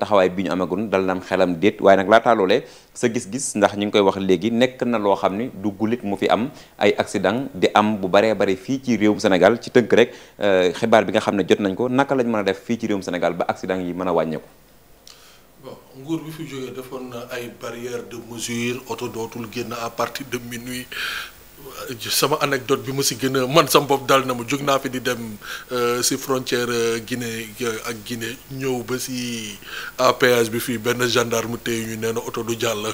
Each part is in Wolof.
taxawaay bi ñu amagun dal na xelam déet waaye nag laataa loolee sa gis-gis ndax ñu ngi koy wax léegi nekk na loo xam ni du gulit mu fi am ay accident di am bu baree bare fii ci réewum Sénégal ci tënk rek euh, xibaar bi nga xam ne jot nañ ko naka lañ mën a def fii ci réewum senegal ba accident yi mën a wàññeeku. bon nguur bi fi jógee defoon na ay barrière sama anecdote bi mu si gën man sama bopp dal na ma jóg naa fi di dem euh, si frontière euh, Guinée euh, ak Guinée ñëw ba si APS bi fii benn gendarme téye ñu nee na oto du jàll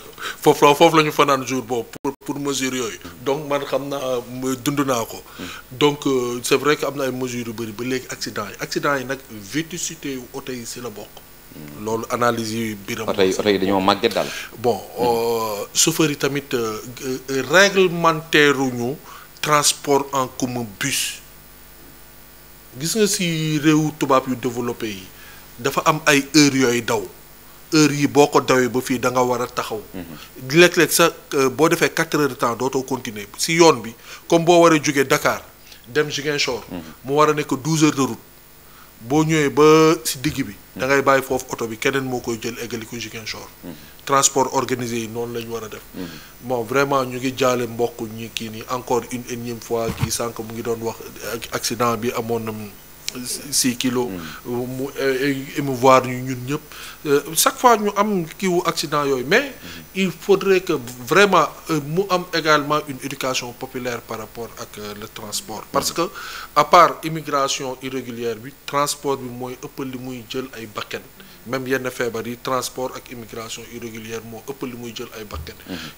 foof la foofu la ñu fanaan jour boobu pour pour mesure yooyu donc man xam naa dund naa ko donc c'est vrai que am na ay mesures yu bëri ba léegi accident yi accident yi nag vétusté yu oto yi si la bokk loolu analyse yu biram oto yi dañoo màgget daal. bon euh, chauffeur yi tamit euh, euh, réglementaire ñu transport en commun bus gis nga si réew tubaab yu développé yi dafa am ay heures yooyu daw. heure yi boo ko dawee ba fii da nga war a taxaw. Mhm. léeg-léeg sa boo defee quatre heures de temps dootoo continuer si yoon bi comme boo waree jógee Dakar dem Ziguinchor. Mhm. mu war a nekk douze heures de route boo ñëwee ba si digg bi. dangay bàyyi foofu oto bi keneen moo koy jël eggali ko Ziguinchor. Mhm. transport organisé yi noonu la ñu war a def. Mhm. bon vraiment ñu ngi jaale mbokk ñu kii nii encore une énième fois kii sànq mu ngi doon wax accident bi amoon na. mu six kilo mu eh, émouvoir ñu ñun ñëpp euh, chaque fois ñu am kiiwu accident yooyu mais il faudrait que vraiment euh, mu am également une éducation populaire par rapport ak euh, le transport parce que à part immigration irrégulière bi transport bi mooy ëppal li muy jël ay bakkan même yenn feebar yi transport ak immigration irrégulière moo ëpp li muy jël ay bakkan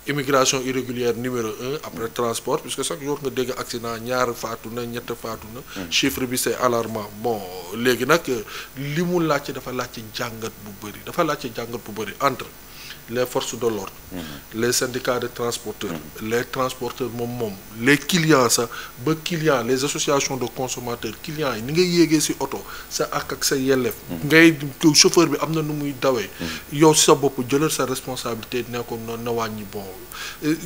immigration irrégulière numéro un après transport puisque chaque jour nga dégg accident ñaar faatu na ñett faatu na mm. chiffre bi c'est alarmant bon léegi nag li mu laajte dafa laajte jàngat bu bëri dafa laajte jàngat bu bëri entre les forces de l'ordre mm-hmm. les syndicats de transporteurs mm-hmm. les transporteurs moom moom les clients sax ba clients les associations de consommateurs clients yi ni ngay yéegee ci oto sa ak sa yelleef mm-hmm. am na nu muy dawee. yow si sa bopp jëlal sa responsabilité nekkoon noonu na wàññi bon euh,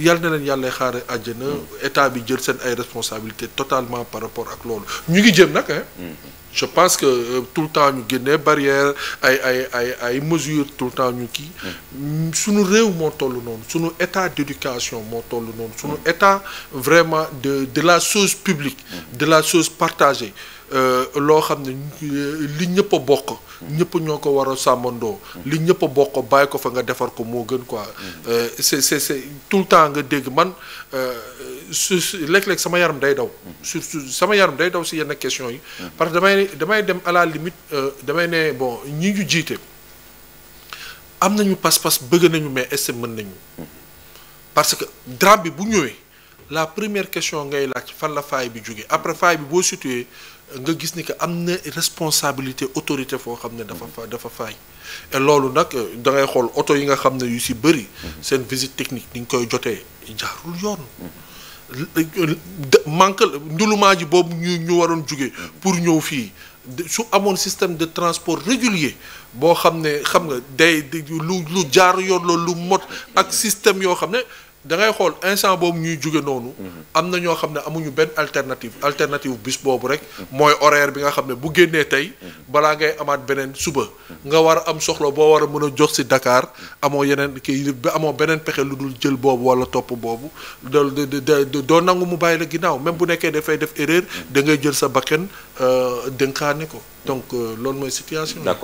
yal na leen yàlla xaare àjjana. Mm. état bi jël seen ay responsabilité totalement par rapport ak loolu ñu ngi jëm nag mm-hmm. je pense que euh, tout le temps ñu génnee barrière ay ay ay ay mesures tout le temps ñu kii mm. mm, suñu réew moo toll noonu suñu état d'éducation moo toll noonu suñu état vraiment de de la chose publique de la chose partagée Euh, loo xam ne euh, li ñëpp a bokk ñëpp ñoo ko war a sàmmandoo li ñëpp a bokk bàyyi ko fa nga defar ko moo gën quoi euh, c'est c'est c'est tout le temps nga dégg man su léeg-léeg sama yaram day daw surtout sama yaram day daw si yenn question yi parce que damay damay dem à la limite damay ne bon ñi ñu jiite am nañu pas-pas bëgg nañu mais est mën nañu parce que drame bi bu ñëwee la première question ngay laaj fan la faay bi jóge après faay bi boo situé nga gis ni que am na responsabilité autorité foo xam ne dafa dafa faay loolu nag da xool oto yi nga xam ne yu si bëri mhm. seen visite technique di ñu koy jotee jaarul yoon manque ji boobu ñu ñu waroon jóge pour ñëw fii su amoon système de transport régulier boo xam ne xam nga day lu lu jaar yoon la lu mot ak système yoo xam ne da xool instant boobu ñuy jóge noonu. am na ñoo xam ne amuñu benn alternative alternative bis boobu rek. mooy horaire bi nga xam ne bu génnee tey. balaa ngay amaat beneen suba. nga war a am soxla boo war a mën a jox si dakaar amoo yeneen kii amoo beneen pexe lu dul jël boobu walla topp boobu de de doo nangu mu bàyyi la ginnaaw même bu nekkee dafay def erreur da ngay jël sa bakkan euh, dënkaani ko donc euh, loolu mooy situation. d'accord.